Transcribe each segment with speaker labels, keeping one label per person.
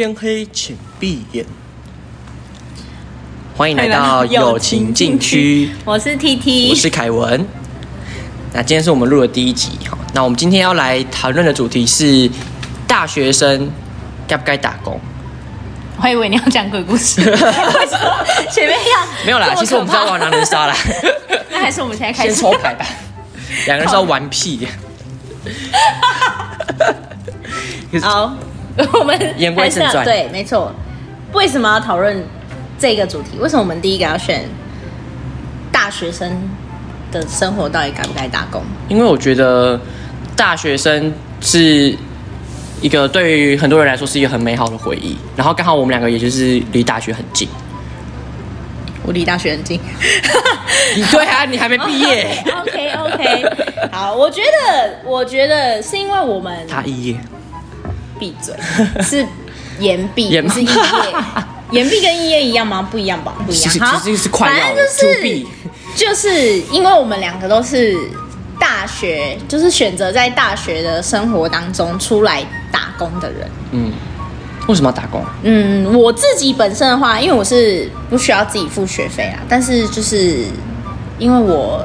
Speaker 1: 天黑，請閉眼。歡迎來到友情禁區。我是 TT，我是凱文。那今天是我們錄的第一集哈。那我們今天要來討論的主題是：大學生該不該打工？
Speaker 2: 我還以為你要講鬼故事。 前面要樣
Speaker 1: 沒有啦。其實我們在玩狼人殺啦。 那還是我們現在
Speaker 2: 開始先抽牌吧。
Speaker 1: 兩 個人是要玩屁的。 好。
Speaker 2: 我們言歸正傳，對，沒錯。為什麼要討論這個主題？為什麼我們第一個要選大學生的生活？到底該不該打工？
Speaker 1: 因為我覺得大學生是一個對於很多人來說是一個很美好的回憶。然後剛好我們兩個也就是離大學很近。
Speaker 2: 我離大學很近。
Speaker 1: 你對啊，Okay. 你還沒畢業。Okay, OK OK，
Speaker 2: 好。我覺得，我覺得是因為我們他一閉嘴，是岩壁，是
Speaker 1: 一
Speaker 2: 頁，岩壁跟一頁一樣嗎？不一樣吧，不一樣。
Speaker 1: 好，反正就是
Speaker 2: 就是因為我們兩個都是大學，就是選擇在大學的生活當中出來打工的人。
Speaker 1: 嗯，為什麼要打工？
Speaker 2: 嗯，我自己本身的話，因為我是不需要自己付學費啊，但是就是因為我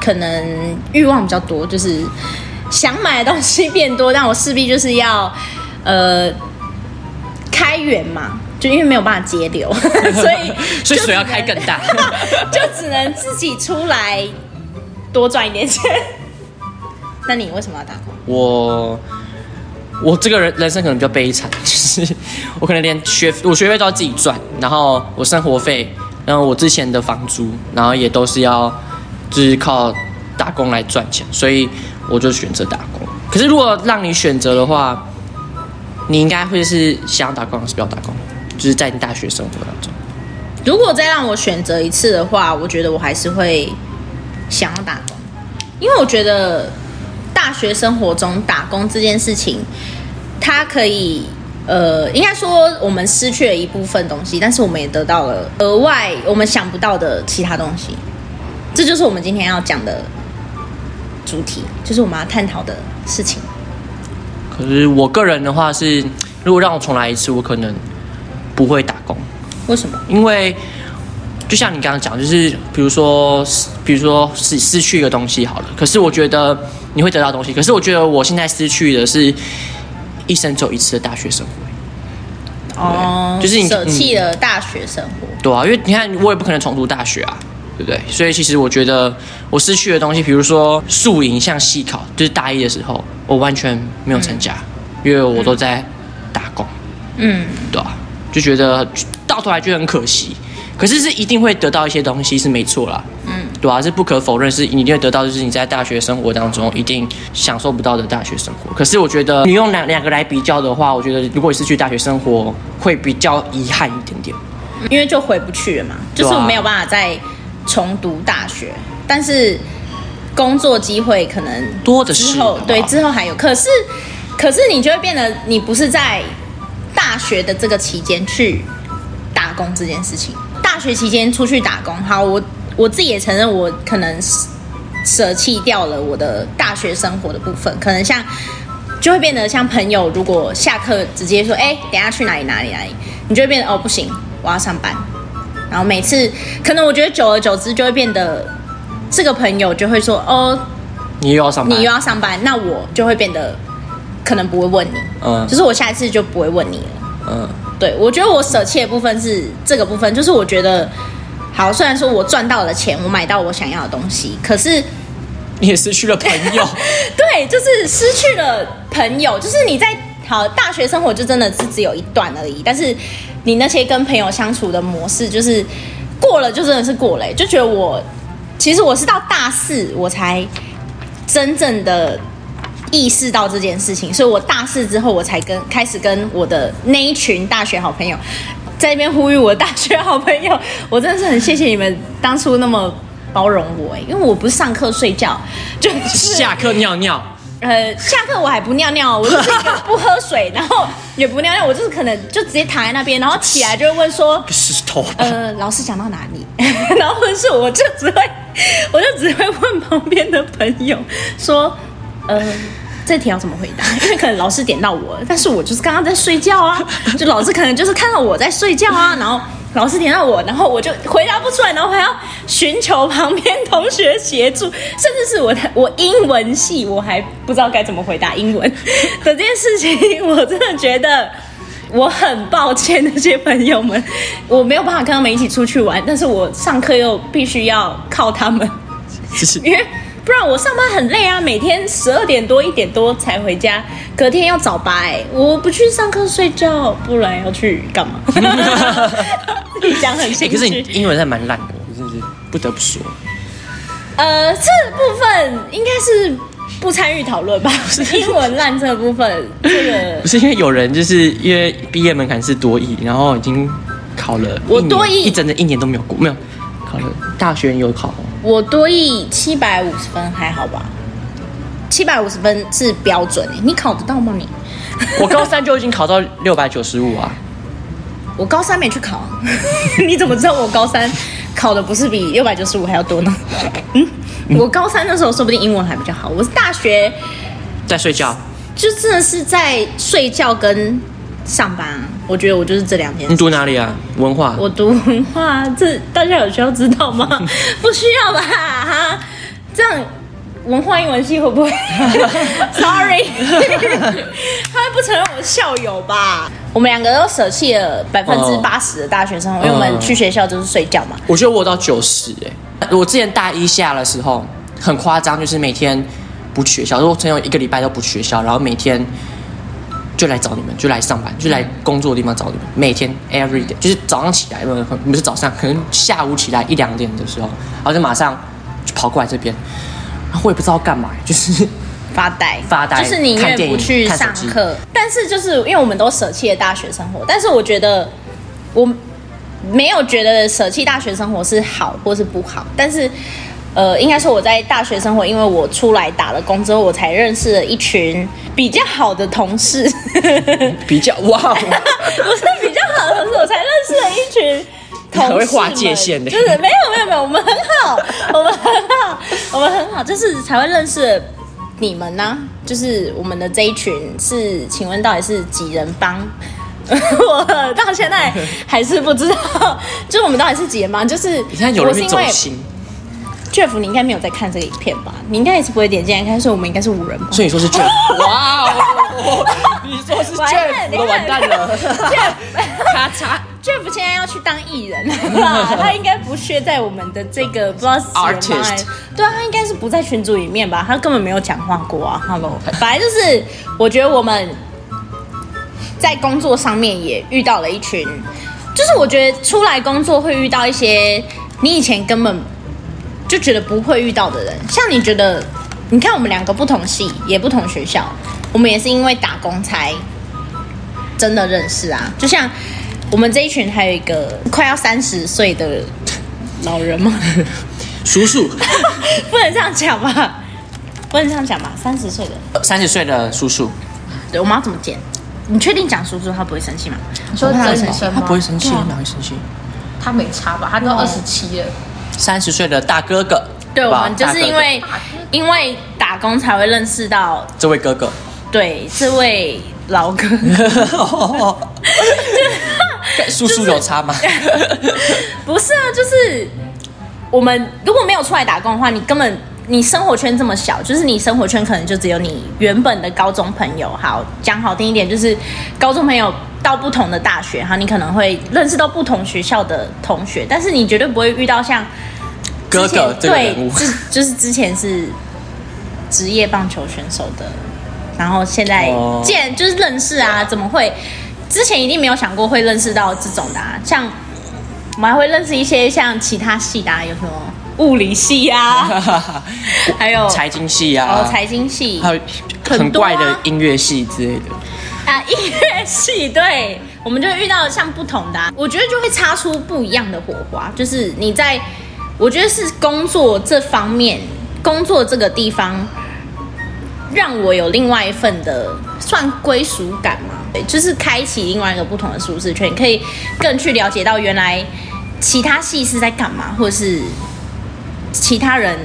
Speaker 2: 可能慾望比較多，就是。想買的東西變多，但我勢必就是要，呃，開源嘛，就因為沒有辦法節流呵呵，所以所以水要開更大， 就只能自己出來多賺一點錢。那你為什麼要打工？
Speaker 1: 我我這個人人生可能比較悲慘，就是我可能連學費我學費都要自己賺，然後我生活費，然後我之前的房租，然後也都是要就是靠打工來賺錢，所以。我就選擇打工。可是，如果讓你選擇的話，你應該會是想要打工還是不要打工？就是在你大學生活當中，
Speaker 2: 如果再讓我選擇一次的話，我覺得我還是會想要打工，因為我覺得大學生活中打工這件事情，它可以，呃，應該說我們失去了一部分東西，但是我們也得到了額外我們想不到的其他東西。這就是我們今天要講的。主題
Speaker 1: 就是我們要探討的事情。可是我個人的話是，如果讓我重來一次，我可能不會打工。為什麼？因為就像你剛剛講，就是比如說，比如說失失去一個東西好了。可是我覺得你會得到東西。可是我覺得我現在失去的是一生只有一次的大學生
Speaker 2: 活。哦，就是你捨棄了大學生
Speaker 1: 活，嗯。對啊，因為你看，我也不可能重讀大學啊。對不對？所以其實我覺得我失去的東西，比如說宿營、像系烤，就是大一的時候，我完全沒有參加，嗯、因為我都在打工。嗯，對吧、啊？就覺得到頭來就很可惜。可是是一定會得到一些東西，是沒錯啦。嗯，對啊，是不可否認，是你一定會得到，就是你在大學生活當中一定享受不到的大學生活。可是我覺得你用兩兩個來比較的話，我覺得如果你失去大學生活，會比較遺憾一點點，
Speaker 2: 因為就回不去了嘛，就是我沒有辦法再。重讀大學，但是工作機會可能多的時候。對，吧之後還有，可是可是你就會變得，你不是在大學的這個期間去打工這件事情。大學期間出去打工，好，我我自己也承認，我可能捨棄掉了我的大學生活的部分，可能像就會變得像朋友，如果下課直接說，哎，等下去哪裡哪裡哪裡，你就會變得哦，不行，我要上班。然後每次，可能我覺得久而久之就會變得，這個朋友就會說：“哦，
Speaker 1: 你又要上班，你又要
Speaker 2: 上班，那我就會變得可能不會問你，嗯，就是我下一次就不會問你了，嗯，對，我覺得我捨棄的部分是這個部分，就是我覺得，好，雖然說我賺到了錢，我買到我想要的東西，可是
Speaker 1: 你也失去了朋友，
Speaker 2: 對，就是失去了朋友，就是你在。”好，大學生活就真的是只有一段而已。但是你那些跟朋友相處的模式，就是過了就真的是過了，就覺得我其實我是到大四我才真正的意識到這件事情，所以我大四之後我才跟開始跟我的那一群大學好朋友在那邊呼籲，我大學好朋友，我真的是很謝謝你們當初那麼包容我，因為我不是上課睡覺，就
Speaker 1: 是下課尿尿。
Speaker 2: 呃，下課我還不尿尿，我就是不喝水， 然後也不尿尿，我就是可能就直接躺在那邊，然後起來就會問說，不是頭呃，老師講到哪裡？ 然後或者是我就只會，我就只會問旁邊的朋友說，呃，這題要怎麼回答？因為可能老師點到我，但是我就是剛剛在睡覺啊，就老師可能就是看到我在睡覺啊，然後。老師點到我，然後我就回答不出來，然後還要尋求旁邊同學協助，甚至是我的我英文系，我還不知道該怎麼回答英文的這件事情，我真的覺得我很抱歉那些朋友們，我沒有辦法跟他們一起出去玩，但是我上課又必須要靠他們，是是因為。不然我上班很累啊，每天十二點多一點多才回家，隔天要早八、欸，我不去上課睡覺，不然要去幹嘛？講 很現實、欸。可是你英
Speaker 1: 文還蠻爛的，真是，不，是不得不說。
Speaker 2: 呃，這個、部分應該是不參與討論吧？不是英文爛這部分，這
Speaker 1: 個不是因為有人就是因為畢業門檻是多益，然後已經考了我多益，一整整一年都沒有過，沒有考了大學有考。
Speaker 2: 我多益七百五十分還好吧？七百五十分是標準，你考得到嗎？你？
Speaker 1: 我高三就已經考到六百九十五啊！
Speaker 2: 我高三沒去考， 你怎麼知道我高三考的不是比六百九十五還要多呢？
Speaker 1: 嗯，
Speaker 2: 我高三那時候說不定英文還比較好。我是大學在睡覺，就真的是在睡覺跟。上班，我覺得我就是這兩天。你
Speaker 1: 讀哪裡啊？文化。
Speaker 2: 我讀文化，這大家有需要知道嗎？不需要吧？哈，這樣文化英文系會不會 ？Sorry， 他會不承認我是校友吧？ 我們兩個都捨棄了百分之八十的大學生活，因為我們去學校就是睡覺嘛。
Speaker 1: 我覺得我到九十哎，我之前大一下的時候很誇張，就是每天不去學校，我曾有一個禮拜都不去學校，然後每天。就來找你們，就來上班，就來工作的地方找你們。每天，every day，就是早上起來，沒有不是早上，可能下午起來一兩點的時候，然後就馬上就跑過來這邊。然後我也不知道幹嘛，就是發呆，發呆，就是寧願不去上課，看電影、看
Speaker 2: 手機。但是就是因為我們都捨棄了大學生活，但是我覺得我沒有覺得捨棄大學生活是好或是不好，但是。呃，應該是我在大學生活，因為我出來打了工之後，我才認識了一群比較好的同事。
Speaker 1: 比較哇、哦， 不是
Speaker 2: 比較好的同事，我才認識了一群
Speaker 1: 同事。很會畫界線的、欸，就是
Speaker 2: 沒有沒有沒有我，我們很好，我們很好，我們很好，就是才會認識你們呢、啊。就是我們的這一群是，請問到底是幾人幫？ 我到現在還是不知道，就是我們到底是幾人幫，就是你看有人心。 Jeff，你應該沒有在看這個影片吧？你應該也是不會點進來看，所以我們應該是五人吧。所以說是 wow, 你說是 Jeff，
Speaker 1: 哇哦！你說是 Jeff，我都完蛋了。
Speaker 2: Jeff，Jeff 嚓 Jeff 現在要去當藝人了， 他應該不屑在我們的這個 不知道什麼群裡面。Artist. 對啊，他應該是不在群組裡面吧？他根本沒有講話過啊。Hello，反正 就是我覺得我們在工作上面也遇到了一群，就是我覺得出來工作會遇到一些你以前根本。就覺得不會遇到的人，像你覺得，你看我們兩個不同系，也不同學校，我們也是因為打工才真的認識啊。就像我們這一群，還有一個快要三十歲的
Speaker 1: 老人嘛，叔叔
Speaker 2: 不，不能這樣講吧？不能這樣講吧？三十歲的，
Speaker 1: 三十歲的叔叔，
Speaker 2: 對，我們要怎麼剪？你確定講叔叔他不會生氣嗎？你說他會生氣嗎？他不會生氣，哪個生氣？他沒差吧？他都二十七了。嗯
Speaker 1: 三十歲的大哥哥，對，有有我們就是因為哥
Speaker 2: 哥因為打工才會認識到這位哥哥，對，這位老哥，
Speaker 1: 叔叔有差嗎？
Speaker 2: 不是啊，就是我們如果沒有出來打工的話，你根本。你生活圈這麼小，就是你生活圈可能就只有你原本的高中朋友。好，講好聽一點，就是高中朋友到不同的大學，哈，你可能會認識到不同學校的同學，但是你絕對不會遇到像之
Speaker 1: 前哥哥這個人物。對，
Speaker 2: 就是之前是職業棒球選手的，然後現在見就是認識啊，怎麼會？之前一定沒有想過會認識到這種的啊。像我們還會認識一些像其他系的啊，有什麼？物理系呀、啊，
Speaker 1: 還有財經系呀、啊，還有、哦、財
Speaker 2: 經系，還有很
Speaker 1: 多、啊、很怪的音樂系之類的
Speaker 2: 啊，音樂系，對我們就會遇到像不同的、啊，我覺得就會擦出不一樣的火花。就是你在，我覺得是工作這方面，工作這個地方，讓我有另外一份的算歸屬感嘛，對，就是開啟另外一個不同的舒適圈，可以更去了解到原來其他系是在幹嘛，或是。其他人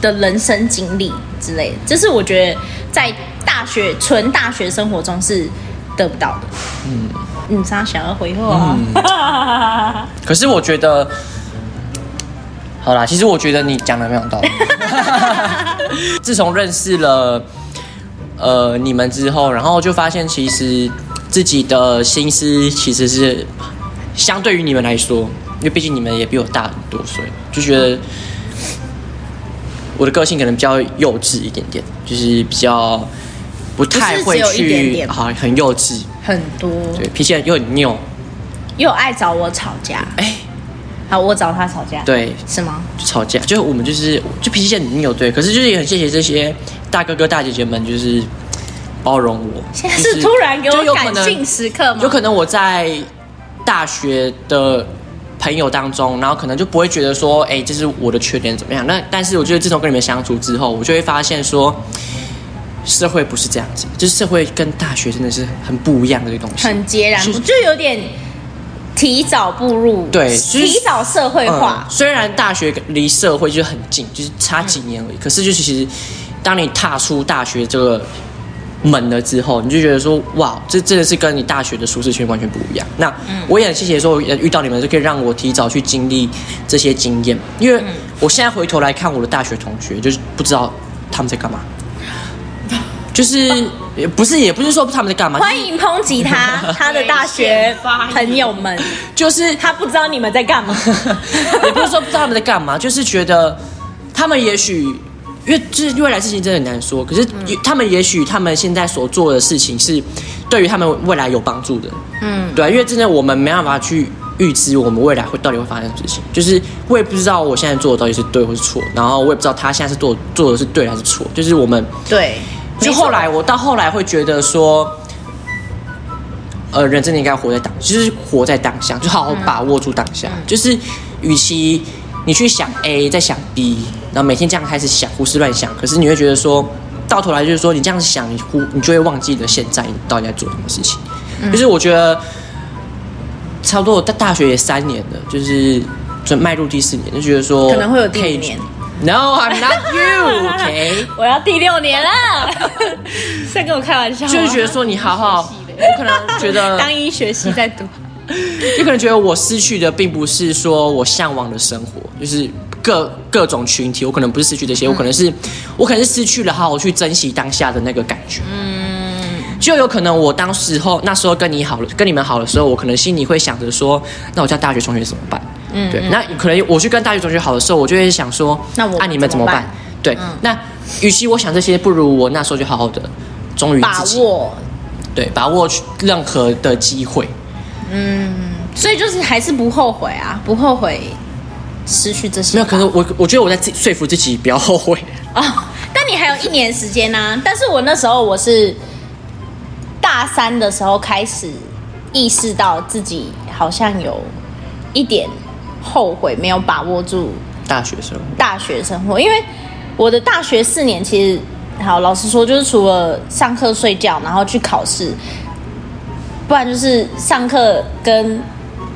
Speaker 2: 的人生經歷之類的，這是我覺得在大學純大學生活中是得不到的。嗯，你想要回覆啊？
Speaker 1: 嗯、 可是我覺得，好啦，其實我覺得你講的沒有道理。 自從認識了呃你們之後，然後就發現其實自己的心思其實是相對於你們來說，因為畢竟你們也比我大很多歲，所以就覺得。我的個性可能比較幼稚一點點，就是比較不太會去，好、啊、很幼稚
Speaker 2: 很多，對
Speaker 1: 脾氣又很拗，又
Speaker 2: 愛找我吵架。哎唉，好，我找他吵架，對是嗎？
Speaker 1: 就吵架，就我們就是就脾氣很拗，對，可是就是也很謝謝這些大哥哥大姐姐們，就是包容我。現在是突然給我、就是、有感性時刻嗎？有可能我在大學的。朋友當中，然後可能就不會覺得說，哎、欸，這是我的缺點怎麼樣？那但是我覺得，自從跟你們相處之後，我就會發現說，社會不是這樣子，就是社會跟大學真的是很不一樣的一個東西，很
Speaker 2: 截然，就是、就有點提早步入對，就是、提早社會化。
Speaker 1: 嗯、雖然大學離社會就很近，就是差幾年而已，嗯、可是就其實，當你踏出大學這個。猛了之後，你就覺得說，哇，這真的是跟你大學的舒適圈完全不一樣。那我也很謝謝說，遇到你們就可以讓我提早去經歷這些經驗，因為我現在回頭來看我的大學同學，就是不知道他們在幹嘛，就是也不是也不是說他們在幹嘛，啊就是、
Speaker 2: 歡迎抨擊他 他的大學朋友們，就是他不知道你們在幹嘛，
Speaker 1: 也不是說不知道他們在幹嘛，就是覺得他們也許。因為就是未來事情真的很難說，可是他們也許他們現在所做的事情是對於他們未來有幫助的，嗯，對，因為真的我們沒辦法去預知我們未來會到底會發生的事情，就是我也不知道我現在做的到底是對或是錯，然後我也不知道他現在是做做的是對還是錯，就是我們對，就後來說我到後來會覺得說，呃，人真的應該活在當，就是活在當下，就好好把握住當下，嗯，就是與其。你去想 A，再想 B，然後每天這樣開始想胡思亂想，可是你會覺得說，到頭來就是說你這樣想，你忽你就會忘記了現在你到底在做什麼事情。就是、嗯、我覺得差不多在大，大學也三年了，就是準邁入第四年，就覺得說可能會有第五年。No，I'm not you。OK， 我要第六年了，在 跟我開玩笑，就是覺得說你好好， 我可能覺得當醫學系在讀。 有 可能覺得我失去的並不是說我嚮往的生活，就是各各種群體，我可能不是失去這些，嗯、我可能是我可能是失去了好，好去珍惜當下的那個感覺。嗯，就有可能我當時候那時候跟你好了，跟你們好的時候，我可能心裡會想着說，那我叫大學同學怎麼辦？嗯，嗯對，那可能我去跟大學同學好的時候，我就會想說，那我那、啊、你們怎麼辦？嗯、對，那與其我想這些，不如我那時候就好好的忠於自己，把握，對，把握任何的機會。
Speaker 2: 嗯，所以就是還是不後悔啊，不後悔
Speaker 1: 失去這些。沒有，可是我我覺得我在說服自己不要後悔
Speaker 2: 啊。Oh, 但你還有一年時間呢，啊。 但是我那時候我是大三的時候開始意識到自己好像有，一點後悔沒有把握住大學生活大學生活，因為我的大學四年其實，好老實說，就是除了上課睡覺，然後去考試。不然就是上課跟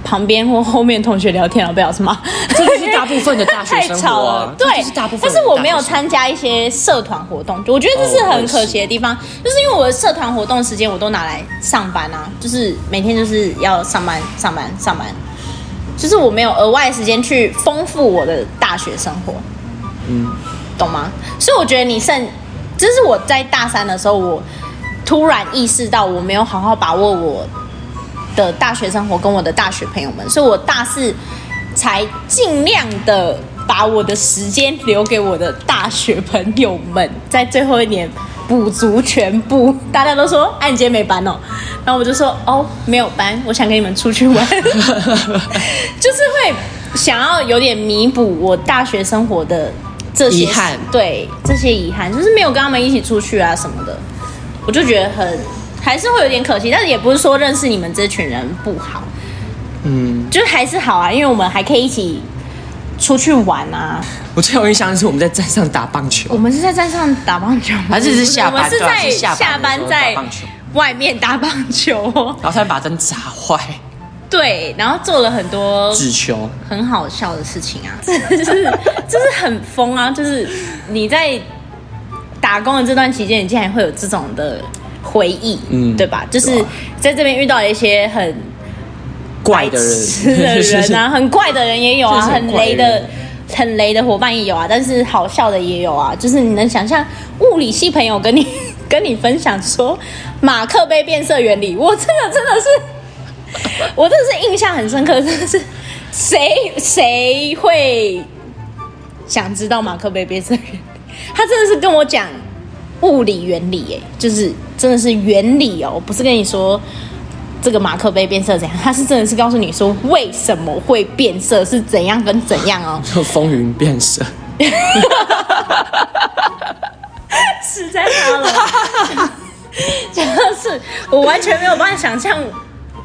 Speaker 2: 旁邊或後面同學聊天了，不要是嗎？
Speaker 1: 這就是大部分的大學生活、啊 太吵了，對，
Speaker 2: 就是大部分大。但是我沒有參加一些社團活動，嗯、我覺得這是很可惜的地方，就是因為我的社團活動時間我都拿來上班啊，就是每天就是要上班、上班、上班，就是我沒有額外的時間去豐富我的大學生活，嗯，懂嗎？所以我覺得你剩，就是我在大三的時候我。突然意識到我沒有好好把握我的大學生活跟我的大學朋友們，所以我大四才盡量的把我的時間留給我的大學朋友們，在最後一年補足全部。大家都說啊，你今天沒班哦？然後我就說哦，沒有班，我想跟你們出去玩， 就是會想要有點彌補我大學生活的這些遺憾，對，這些遺憾，就是沒有跟他們一起出去啊什麼的。我就覺得很還是會有點可惜，但是也不是說認識你們這群人不好，嗯，就是還是好啊，因為我們還可以一起出去玩啊。
Speaker 1: 我最有印象的是我們在站上打棒球。我
Speaker 2: 們是在站上打棒球，還是是下班？我們是在下班在外面打棒球，
Speaker 1: 然後還把燈砸壞。
Speaker 2: 對，然後做了很多紙球，很好笑的事情啊，
Speaker 1: 就是就是很
Speaker 2: 瘋啊，就是你在。打工的這段期間，你竟然會有這種的回憶，嗯，對吧？就是在這邊遇到了一些很怪的人的人、啊、 很怪的人也有啊，很，很雷的、很雷的伙伴也有啊，但是好笑的也有啊。就是你能想象物理系朋友跟你跟你分享說馬克杯變色原理，我真的真的是，我真的是印象很深刻，真的是誰誰會想知道馬克杯變色原理？他真的是跟我講物理原理，耶，就是真的是原理哦，不是跟你說這個馬克杯變色怎樣，他是真的是告訴你說為什麼會變色是怎樣跟怎樣哦。
Speaker 1: 說風雲變色，實 在
Speaker 2: 怕了，真的是，就是我完全沒有辦法想象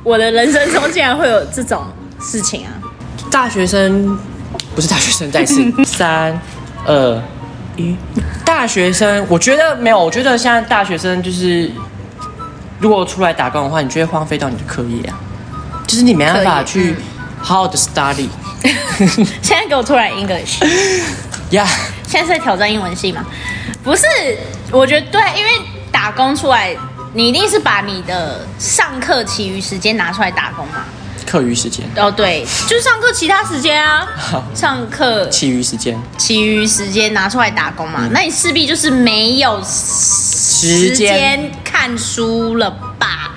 Speaker 2: 我的人生中竟然會有這種
Speaker 1: 事情啊！大學生不是大學生，但是 三二。嗯、大學生，我覺得沒有。我覺得現在大學生就是，如果出來打工的話，你就會荒廢到你的課業啊，就是你沒辦法去好好的 study。嗯、
Speaker 2: 現在給我突然 English，呀！Yeah. 現在是在挑戰英文系嗎？不是，我覺得對，因為打工出來，你一定是把你的上課其餘時間拿出來打工嘛。
Speaker 1: 課餘時
Speaker 2: 間哦，對，就上課其他時間啊，上課其
Speaker 1: 餘時間，
Speaker 2: 其餘時間拿出來打工嘛，那你勢必就是沒有時間看書了吧？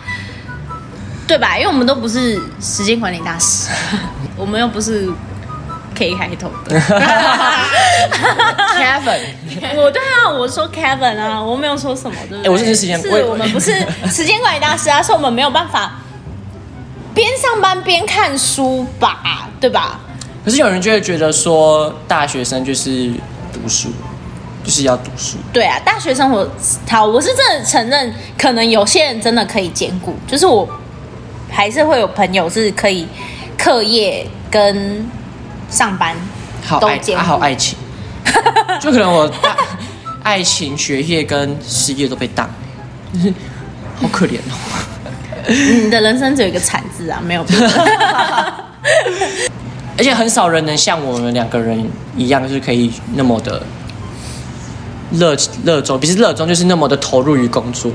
Speaker 2: 對吧？因為我們都不是時間管理大師，我們又不是 K 開頭的。Kevin，我對啊，我說 Kevin 啊，我沒有說什麼，對不對？我是時間，是我們不是時間管理大師啊，是我們沒有辦法。邊上班邊看書吧，對吧？
Speaker 1: 可是有人就會覺得說，大學生就是讀書，就是要讀書。
Speaker 2: 對啊，大學生活好，我是真的承認，可能有些人真的可以兼顧，就是我還是會有朋友是可以課業跟上班
Speaker 1: 好都兼顧好，愛、啊、好愛情，就可能我大 愛情、學業跟事業都被當，就
Speaker 2: 是
Speaker 1: 好可憐哦。
Speaker 2: 嗯，你的人生只有一個慘字啊，沒有的。
Speaker 1: 而且很少人能像我們兩個人一樣，就是可以那麼的熱熱衷，不是熱衷，就是那麼的投入於工作。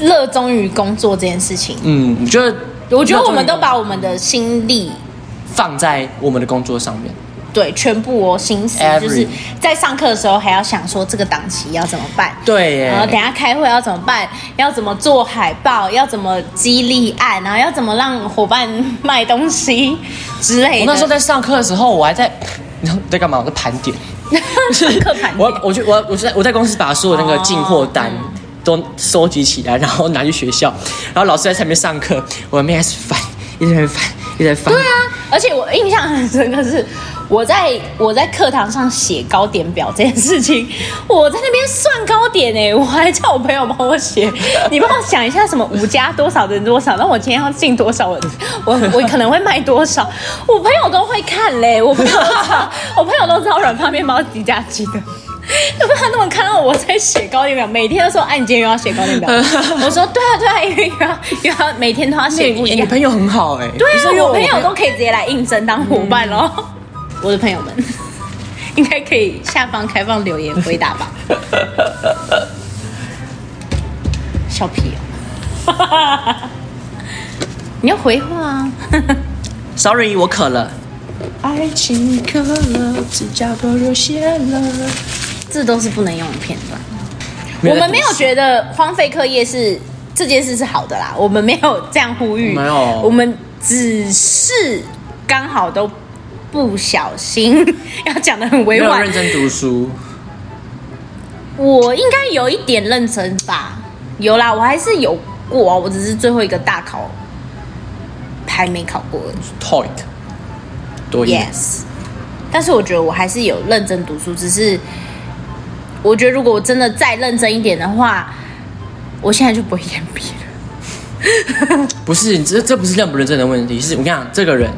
Speaker 2: 熱衷於工作這件事情，
Speaker 1: 嗯，我覺得，我覺得我們都
Speaker 2: 把我們的心力
Speaker 1: 放在我們的工作上面。
Speaker 2: 對，全部我、哦、心思 Every. 就是在上課的時候還要想說這個檔期要怎麼辦？對耶，然後等下，開會要怎麼辦？要怎麼做海報？要怎麼激勵案？然後要怎麼讓夥伴賣東西之類的？我那時候在上課的時候，我還在，
Speaker 1: 你在幹嘛？我在盤點， 上課盤點我。我就我，我就我我，在我在公司把所有那個進貨單都收集起來，oh, 然後拿去學校，然後老師在前面上課，我後面開始翻，一直在翻，一直在翻。對啊，
Speaker 2: 而且我印象很深刻是。我在我在課堂上寫糕點表這件事情，我在那邊算糕點哎、欸，我還叫我朋友幫我寫，你幫我想一下什麼五加多少等於多少，那我今天要進多少，我我可能會賣多少，我朋友都會看嘞，我朋友我朋友都知道軟法麵包是幾加幾的，有有他都能看到我在寫糕點表，每天都說啊，你今天又要寫糕點表，我說對啊對啊，因為又要又要每天都要寫、欸。你朋
Speaker 1: 友很好哎、欸，對啊，我朋友都
Speaker 2: 可以直接來應徵當夥伴嘍。嗯我的朋友們應該可以下方開放留言回答吧。
Speaker 1: 笑屁喔！
Speaker 2: 你要回話啊
Speaker 1: ？Sorry，我渴
Speaker 2: 了。愛情渴了，嘴角都流血了。這都是不能用的片段。我們沒有覺得荒廢課業是這件事是好的啦，我們沒有這樣呼籲。沒有，我們只是剛好都。不小心 要講的很委婉。沒有認真讀書，我應該有一點認真吧？有啦，我還是有過哦，我只是最後一個大考還沒考過。Toit，y e s, 對 S、yes. 但是我覺得我還是有認真讀書，只是我覺得如果我真的再認真一點的話，我現在就不會延畢了。
Speaker 1: 不是，這這不是認不認真的問題，是我跟你講這個人。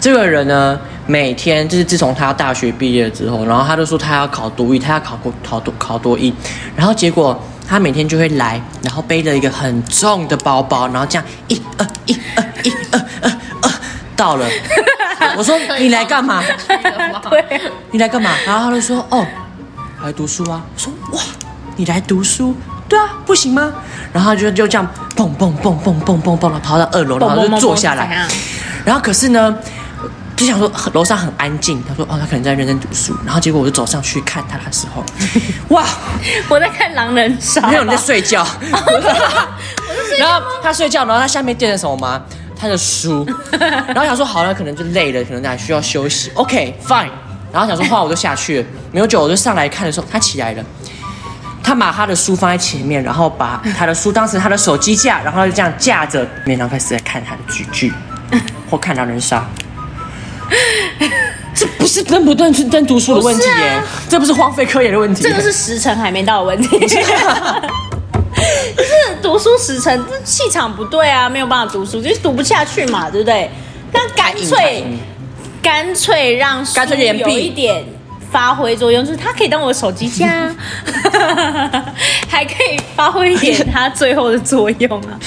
Speaker 1: 這個人呢，每天就是自從他大學畢業之後，然後他就說他要考多益，他要考國考讀考多益，然後結果他每天就會來，然後背着一個很重的包包，然後這樣一呃一呃一呃呃呃到了，我說你來幹嘛？你來幹嘛？然後他就說哦，來讀書啊。我說哇，你來讀書，對啊，不行嗎？然後他就就這樣蹦蹦蹦蹦蹦蹦蹦的跑到二樓，然後就坐下來，然後可是呢。就想說樓上很安靜，他說哦，他可能在認真讀書。然後結果我就走上去看他的時候，哇，我在看狼人殺，沒有人在睡覺。然後他睡覺，然後他下面墊的什麼嗎？他的書。然後想說好了，那可能就累了，可能還需要休息。OK，fine。然後想說話，我就下去。沒有久，我就上來看的時候，他起來了。他把他的書放在前面，然後把他的書當成他的手機架，然後就這樣架着，然後開始在看他的劇劇或看狼人殺。這不是真不斷不
Speaker 2: 讀讀書的問題、欸，不啊、這不是荒廢科研的問題，這個是時辰還沒到的問題。是， 就是讀書時辰這氣場不對啊，沒有辦法讀書，就是讀不下去嘛，對不對？那乾脆乾脆讓書乾脆有一點發揮作用，就是它可以當我的手機架、啊， 還可以發揮一點他最後的作用
Speaker 1: 啊。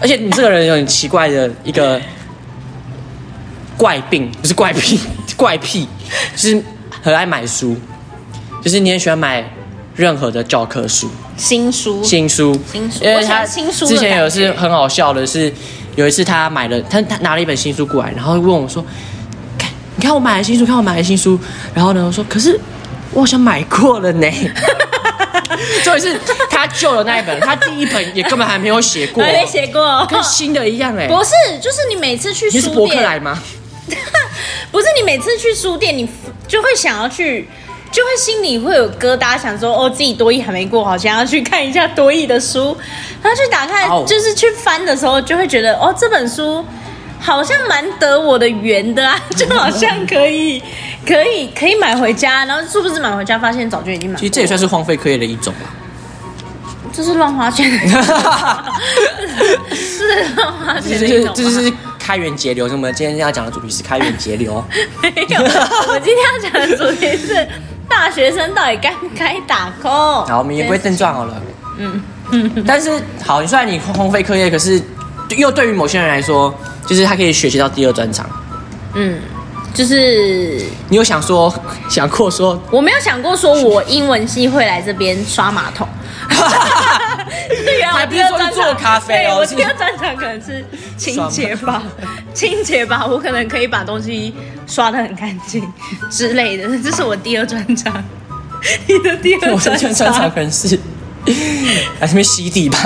Speaker 1: 而且，而且你這個人有很奇怪的一個。怪病，不是怪癖，怪癖、就是很愛買書，就是你也喜歡買任何的教科書、新書、新書、新書。因為他新書之前有次很好笑的是，的有一次他買了，他他拿了一本新書過來，然後問我說：“看，你看我買了新書，看我買了新書。”然後呢，我說：“可是我好像買過了呢。”哈哈哈哈哈！他舊的那一本，他第一本也根本還沒有寫過，我沒寫過，跟新的一樣哎。不是，
Speaker 2: 就是你每次去書店，你是博客來嗎？ 不是你每次去書店，你就會想要去，就會心裡會有疙瘩，想說哦，自己多益還沒過，好想要去看一下多益的書，然後去打開，哦、就是去翻的時候，就會覺得哦，這本書好像蠻得我的緣的啊，就好像可以，可以，可以買回家，然後是不是買回家發現早就已經買了？其實這也
Speaker 1: 算是荒廢學業的一種吧，
Speaker 2: 這是亂花錢的 是，是亂花錢的一
Speaker 1: 種。開源節流，是我們今天要講的主題是開源節流。沒有，
Speaker 2: 我今天要講的主題是 大學生到底該不該打工？好，我們言歸正
Speaker 1: 傳好了。嗯嗯，但是好，你雖然你荒廢課業，可是又對於某些人來說，就是他可以學習到第二專長。嗯，就是你有想說，想過說，
Speaker 2: 我沒有想過說，我英文系會來這邊刷馬桶。 對呀，我不是說做咖啡哦，第二專長可能是清潔吧，嗎清潔吧，我可能可以把東西刷得很乾淨之類的，這是我第二專長。是 你
Speaker 1: 的第二專長？我第二專長可能是 來這邊洗地吧。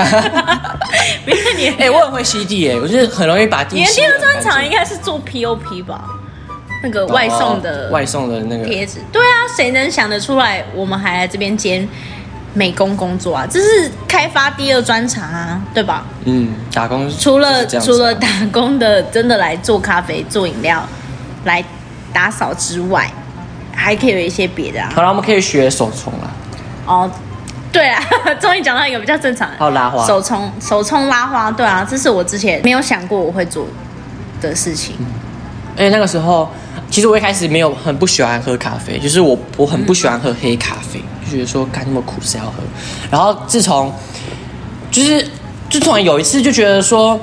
Speaker 1: 不是 你，哎、欸，我很會洗地哎，我就是很容易把地。你的第二專長應該
Speaker 2: 是做 POP 吧，哦、那個外送的、哦、外
Speaker 1: 送的那個貼
Speaker 2: 紙。對啊，誰能想得出來，我們還來這邊煎？美工工作啊，這是開發第二專長啊，對吧？嗯，
Speaker 1: 打工是、啊、除了除了
Speaker 2: 打工的，真的來做咖啡、做飲料、來打掃之外，還可以有一些別的、啊。好
Speaker 1: 了，我們可以學手沖
Speaker 2: 了、啊。哦，對啊，終於講到一個比較正常的。還拉花。手沖手沖拉花，對啊，這是我之前沒有想過我會做的事情。
Speaker 1: 嗯因、欸、那個時候，其實我一開始沒有很不喜歡喝咖啡，就是我我很不喜歡喝黑咖啡，就覺得說幹、嗯、那麼苦誰要喝。然後自從就是自從有一次就覺得說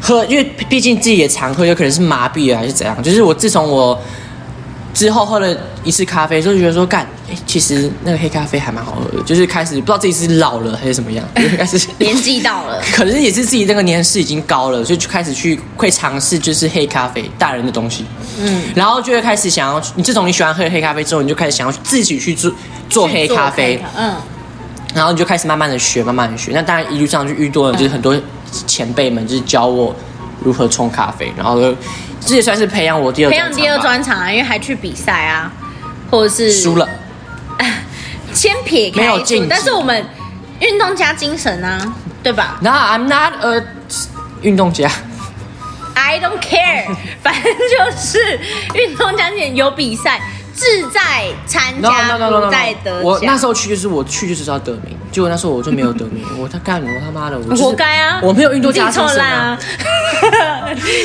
Speaker 1: 喝，因為畢竟自己也常喝，有可能是麻痹、啊、還是怎樣。就是我自從我之後喝了一次咖啡，就覺得說幹。其實那個黑咖啡還蠻好喝的，就是開始不知道自己是老了還是怎麼樣，就開始年紀到了，可能也是自己這個年事已經高了，所以就開始去會嘗試就是黑咖啡大人的東西，嗯，然後就會開始想要，你自從你喜歡喝黑咖啡之後，你就開始想要自己去做做黑咖啡，咖
Speaker 2: 啡，
Speaker 1: 嗯，然後你就開始慢慢的學，慢慢的學，那當然一路上就遇到了就是很多前輩們就是教我如何沖咖啡，然後這也算是培養我第二場培養第二專
Speaker 2: 長啊，因為還去比賽啊，或者是輸了。先撇開一，但是我們運動家精神啊，對吧？No, I'm not a 運動家。I don't care， 反正就是運動家點有比賽。志在參加，志在得名。我那時
Speaker 1: 候去就是，我去就是知道得名。結果那時候我就沒有得名，我他幹，我他媽的，我、就是、活該啊！我沒有運動家、啊啊、 該精神啊！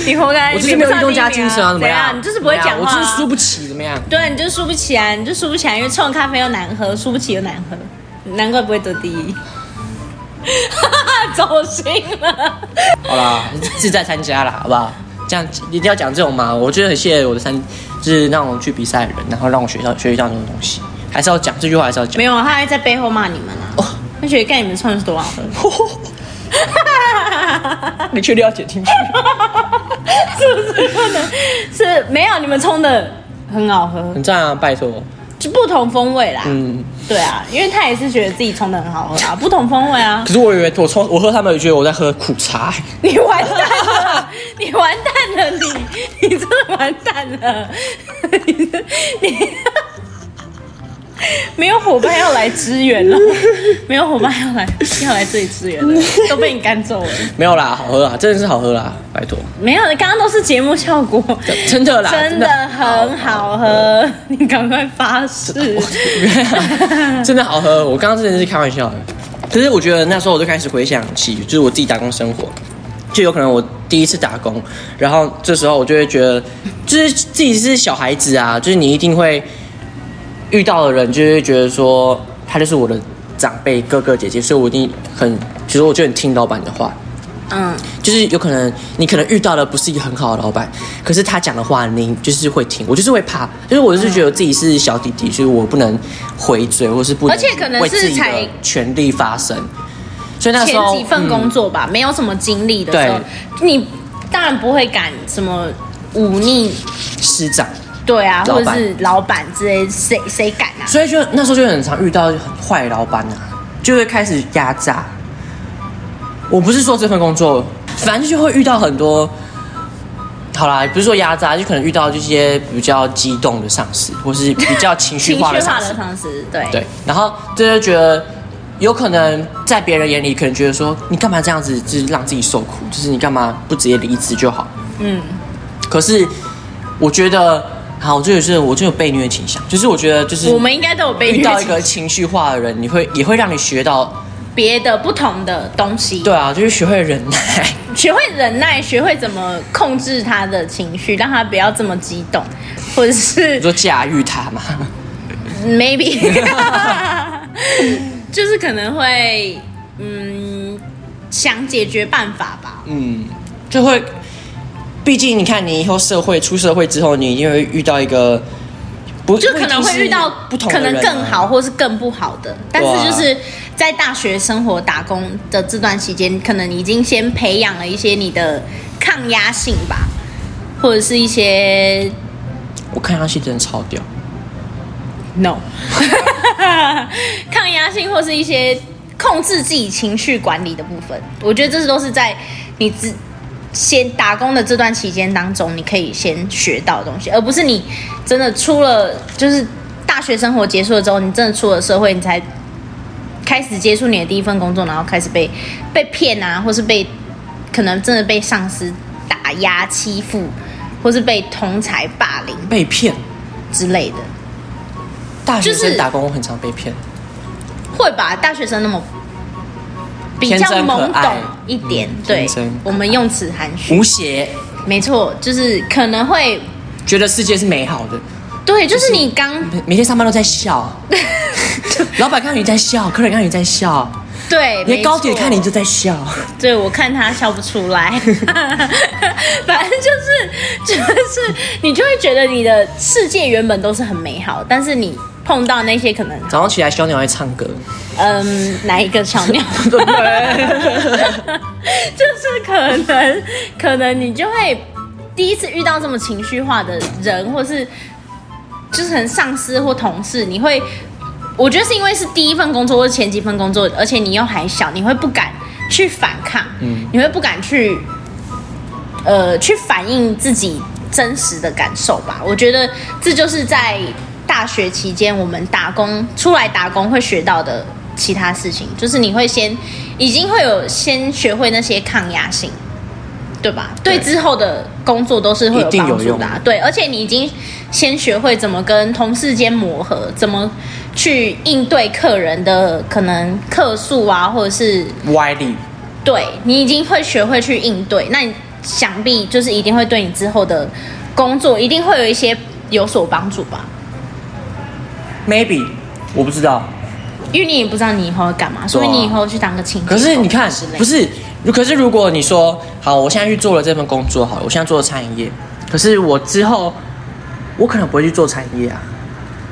Speaker 2: 你活該！我這沒有運動家精神啊！怎麼樣？樣樣你就是不會講話、啊，我就是輸
Speaker 1: 不起，怎麼樣？
Speaker 2: 對，你就輸不起，啊，你就輸不起、啊，因為沖咖啡又難喝，輸不起又難喝，難怪不會得第一。哈哈，走心
Speaker 1: 了。好了，志在參加了，好不好？這樣一定要講這種嗎？我覺得很謝謝我的三，就是讓我去比賽的人，然後讓我學到學習到這種東西，還是要講這句話還是要講。沒
Speaker 2: 有，他還在背後罵你們了、啊哦哦。哦，他覺得該你們沖的是多少分。
Speaker 1: 你確定要剪進去？是
Speaker 2: 不是不能？是沒有你們沖的很好喝，很
Speaker 1: 讚啊，拜托。
Speaker 2: 就不同風味啦，嗯，對啊，因為他也是覺得自己沖的很好喝啊，不同風味啊。
Speaker 1: 可是我以為我沖我喝他們也覺得我在喝苦茶。你完， 你
Speaker 2: 完蛋了，你完蛋了，你你真的完蛋了，你你，你。 沒有夥伴要來支援了，沒有夥伴要來要來這裡支援，都被你趕走了。
Speaker 1: 沒有啦，好喝啊，真的是好喝啦，拜
Speaker 2: 託。沒有，剛剛都是節目效果，真的啦，真的很好喝，哦、你趕快發誓，
Speaker 1: 真，真的好喝。我剛剛真的是開玩笑的，可是我覺得那時候我就開始回想起，就是我自己打工生活，就有可能我第一次打工，然後這時候我就會覺得，就是自己是小孩子啊，就是你一定會。遇到的人就會覺得說，他就是我的長輩哥哥、姐姐，所以我一定很，其實我就很聽老闆的話。
Speaker 2: 嗯，
Speaker 1: 就是有可能你可能遇到的不是一個很好的老闆，可是他講的話，你就是會聽。我就是會怕，就是我就是覺得自己是小弟弟，所以、嗯、我不能回嘴，或是不，而且可能是才權力發聲。所以那時候前幾份工作
Speaker 2: 吧，嗯、沒有什麼經歷的時候，對你當然不會敢什麼忤逆師長。對啊，闆或者是老闆之
Speaker 1: 類，誰誰敢啊？所以就那時候就很常遇到很壞的老闆吶、啊，就會開始壓榨。我不是說這份工作，反正就會遇到很多。好啦，不是說壓榨，就可能遇到這些比較激動的上司，或是比較情緒化的情緒 化的上
Speaker 2: 司。對
Speaker 1: 對，然後這就覺得，有可能在別人眼裡，可能覺得說，你幹嘛這樣子，就是讓自己受苦，就是你幹嘛不直接離職就好？嗯，可是我覺得。好，我這也是，我就有被虐的傾向，就是我覺得，就是我們應
Speaker 2: 該都有被遇到一個
Speaker 1: 情緒化的人，的你會也會讓你學到
Speaker 2: 別的不同的東西。對
Speaker 1: 啊，就是學會忍耐，
Speaker 2: 學會忍耐，學會怎麼控制他的情緒，讓他不要這麼激動，
Speaker 1: 或者是你說駕馭他嗎
Speaker 2: ？Maybe， 就是可能會嗯想解決辦法吧，嗯，
Speaker 1: 就會。畢竟，你看，你以後社會出社會之後，你一定會遇到一個不，就可能會遇到不同的、啊，可能更好，或
Speaker 2: 是更不好的。但是就是在大學生活打工的這段期間，可能你已經先培養了一些你的抗壓性吧，或者是一些……
Speaker 1: 我看壓性真的超屌，no，
Speaker 2: 抗壓性或是一些控制自己情緒管理的部分，我覺得這都是在你自。先打工的這段期間當中，你可以先學到的東西，而不是你真的出了就是大學生活結束了之後，你真的出了社會，你才開始接觸你的第一份工作，然後開始被被騙啊，或是被可能真的被上司打壓欺負，或是被同儕霸凌被騙之類的。大學生打
Speaker 1: 工我很常被騙騙，
Speaker 2: 會吧？大學生那麼。
Speaker 1: 比較懵懂一點，嗯、對，啊、
Speaker 2: 我們用詞含蓄、啊，無邪，沒錯，就是可能會
Speaker 1: 覺得世界是美好的，
Speaker 2: 對，就是你剛每，
Speaker 1: 每天上班都在笑， 老闆看到你在笑，客人看到你在笑，
Speaker 2: 對，連高鐵看你就
Speaker 1: 在笑，
Speaker 2: 對，我看他笑不出來， 反正就是就是你就會覺得你的世界原本都是很美好，但是你，碰到那些可能早
Speaker 1: 上起來，小鳥會唱歌，嗯，
Speaker 2: 哪一個小鳥？ 對 就是可能，可能你就會第一次遇到這麼情緒化的人，或是就是很上司或同事，你會，我覺得是因為是第一份工作或前幾份工作，而且你又還小，你會不敢去反抗，嗯，你會不敢去，呃，去反映自己真實的感受吧？我覺得這就是在。大學期間，我們打工出來打工會學到的其他事情，就是你會先已經會有先學會那些抗壓性，對吧？對，對之後的工作都是會有幫助的啊，一定有用的。對，而且你已經先學會怎麼跟同事間磨合，怎麼去應對客人的可能客訴啊，或者是歪理。對，你已經會學會去應對，那你想必就是一定會對你之後的工作一定會有一些有所幫助吧。
Speaker 1: Maybe，我不知道，
Speaker 2: 因為你也不知道你以後會幹嘛，啊、所以你以後去當個清潔。可是你看，不是，
Speaker 1: 可是如果你說好，我現在去做了這份工作，好了，我現在做了餐飲業，可是我之後，我可能不會去做餐飲業啊。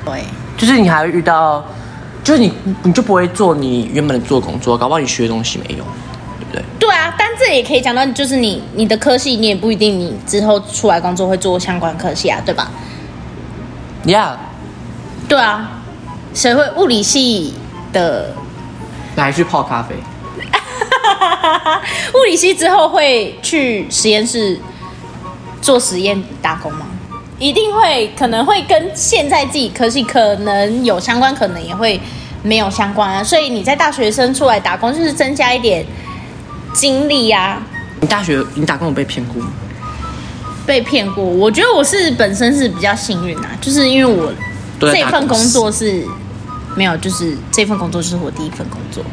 Speaker 1: 對，就是你還會遇到，就是你你就不會做你原本的做工作，搞不好你學的東西沒用，對
Speaker 2: 不對？對啊，但這也可以講到，就是你你的科系，你也不一定你之後出來工作會做相關科系啊，對吧？Yeah。對啊，誰會物理系的，
Speaker 1: 來去泡咖啡？
Speaker 2: 物理系之後會去實驗室做實驗打工嗎？一定會，可能會跟現在自己科系，可能有相關，可能也會沒有相關啊。所以你在大學生出來打工，就是增加一點經歷呀。
Speaker 1: 你大學你打工有被騙過嗎？
Speaker 2: 被騙過，我覺得我是本身是比較幸運啊，就是因為我。這份工作是沒有，就是這份工作就是我第一份工作，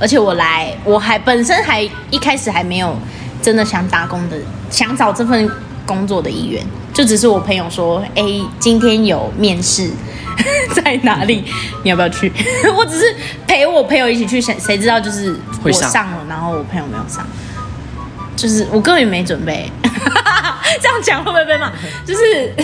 Speaker 2: 而且我來，我還本身還一開始還沒有真的想打工的，想找這份工作的意願，就只是我朋友說，哎、欸，今天有面試， 在哪裡？嗯、哼你要不要去？ 我只是陪我朋友一起去，誰誰知道就是我上了，然後我朋友沒有上，就是我根本沒準備， 這樣講會不會被罵？嗯、哼就是。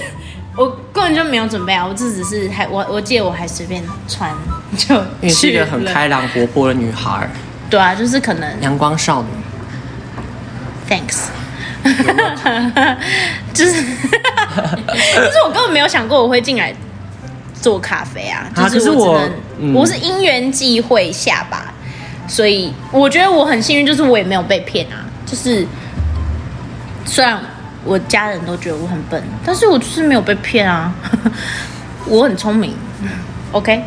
Speaker 2: 我根本就沒有準備啊！我這只是還我我記得我還隨便穿就，
Speaker 1: 你是一個很開朗活潑的女孩對。
Speaker 2: 對啊，就是可能陽光少女。Thanks，有有 就
Speaker 1: 是 就是我
Speaker 2: 根本沒有想過我會進來做咖啡啊！啊就是我只能是我、嗯、我是因緣際會下吧，所以我覺得我很幸運，就是我也沒有被騙啊！就是雖然。我家人都覺得我很笨，但是我就是沒有被騙啊！我很聰明，OK？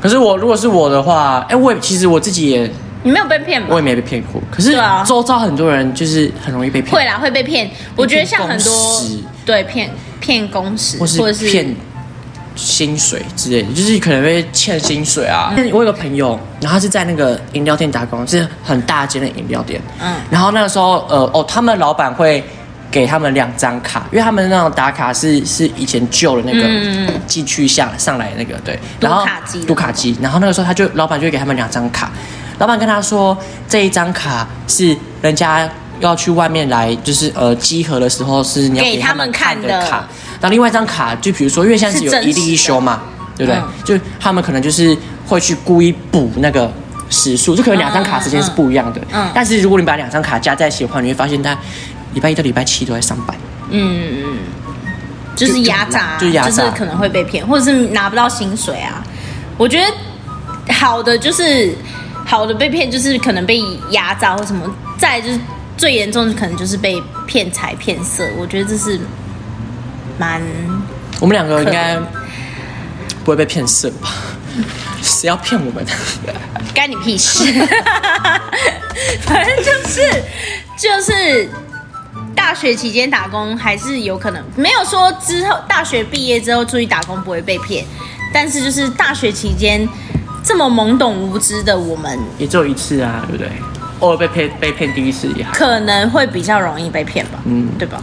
Speaker 1: 可是我如果是我的話，哎、欸，我也其實我自己也……
Speaker 2: 你沒有被騙吧？我也
Speaker 1: 沒被騙過。可是周遭很多人就是很容易被騙。會
Speaker 2: 啦，會被騙。我覺得像很多騙對騙騙公司，騙或者是騙。
Speaker 1: 騙薪水之類的，就是可能會欠薪水啊。嗯、我有個朋友，然後他是在那個飲料店打工，是很大間的飲料店。嗯，然後那個時候，呃，哦，他們老板會給他們兩張卡，因為他們那種打卡是是以前舊的那個進去下上來那個對，嗯、然後讀卡機，讀卡機。然後那個時候他就老板就會給他們兩張卡，老板跟他說這一張卡是人家。要去外面來，就是呃，集合的時候是你要給他們看的卡。那，okay, 另外一張卡，就比如說，因為現在是有一例一休嘛，對不對？嗯、就他們可能就是會去故意補那個時數，就可能兩張卡時間是不一樣的。嗯。嗯嗯，但是如果你把兩張卡加在一起的話，你會發現他禮拜一到禮拜七都在上班。嗯嗯。嗯，就，就是壓榨，就是可
Speaker 2: 能會被騙，或者是拿不到薪水啊。我覺得好的就是好的被騙，就是可能被壓榨或什麼。再就是。最嚴重的可能就是被騙財騙色，我覺得這是蠻。
Speaker 1: 我們兩個應該不會被騙色吧？誰要騙我們？
Speaker 2: 關你屁事！ 反正就是就是大學期間打工還是有可能，沒有說之後大學畢業之後出去打工不會被騙。但是就是大學期間這麼懵懂無知的我們，
Speaker 1: 也只有一次啊，對不對？偶爾被騙，被騙第一次也好，
Speaker 2: 可能會比較容易被騙吧。嗯，對
Speaker 1: 吧？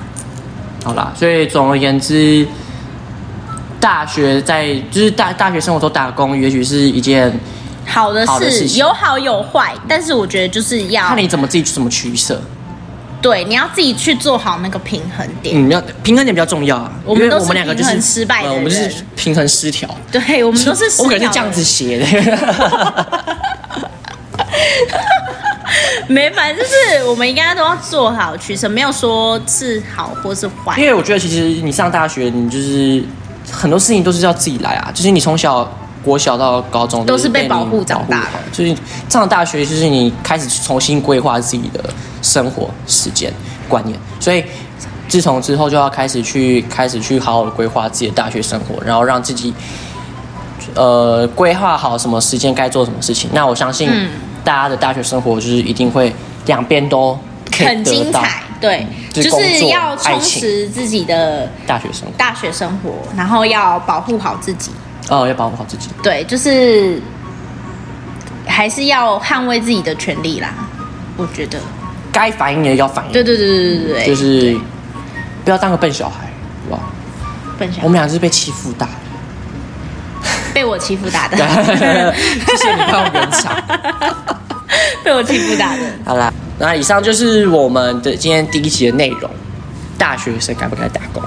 Speaker 1: 好啦，所以總而言之，大學在就是大大學生活中打工，也許是一件好的事好的是，有
Speaker 2: 好有壞。但是我覺得就是要看
Speaker 1: 你怎麼自己怎麼取舍。
Speaker 2: 對，你要自己去做好那個平衡點。嗯，
Speaker 1: 要平衡點比較重要啊。因為我們兩個就是、我們都是，我們兩個就是失敗、呃，我們就是平衡失調。
Speaker 2: 對，我們都是失調，是我可能是這樣
Speaker 1: 子寫的。
Speaker 2: 沒法，反正就是我們應該都要做好取舍，沒有說是好或是壞。因為
Speaker 1: 我覺得，其實你上大學，你就是很多事情都是要自己來啊。就是你從小國小到高中是都是被保護長大的，就是上大學，就是你開始重新規劃自己的生活時間觀念。所以自從之後就要開始去開始去好好的規劃自己的大學生活，然後讓自己呃規劃好什麼時間該做什麼事情。那我相信。嗯大家的大學生活就是一定會兩邊都很精彩，對，嗯，就是、就是要充實自己的大學生
Speaker 2: 活大學生活，然後要保護好自己
Speaker 1: 哦，要保護好自己，
Speaker 2: 對，就是還是要捍衛自己的權利啦。
Speaker 1: 我覺得該反應也要反應，對
Speaker 2: 對對對對，對就是
Speaker 1: 對，不要當個笨小孩哇！好不好笨小孩，我們倆是被欺負大，大的，
Speaker 2: 被我欺負大的，謝
Speaker 1: 謝你幫我圓場。 被我欺負打好啦，那以上就是我們的今天第一集的內容。大學生該不該打工？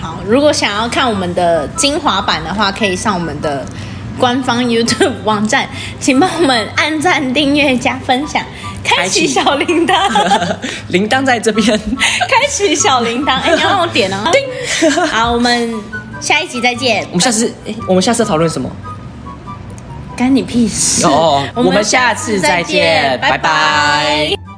Speaker 2: 好，如果想要看我們的精華版的話，可以上我們的官方 YouTube 網站，請幫我們按讚、訂閱、加分享，開啟小
Speaker 1: 鈴鐺。開啟 鈴鐺在這邊。
Speaker 2: 開啟小鈴鐺，哎，你要幫我點哦、啊。叮 好，我們下一集再見。我
Speaker 1: 們下次，Bye. 我們下次討論什麼？關你屁事！Oh, 我們下次再見，拜拜。拜拜。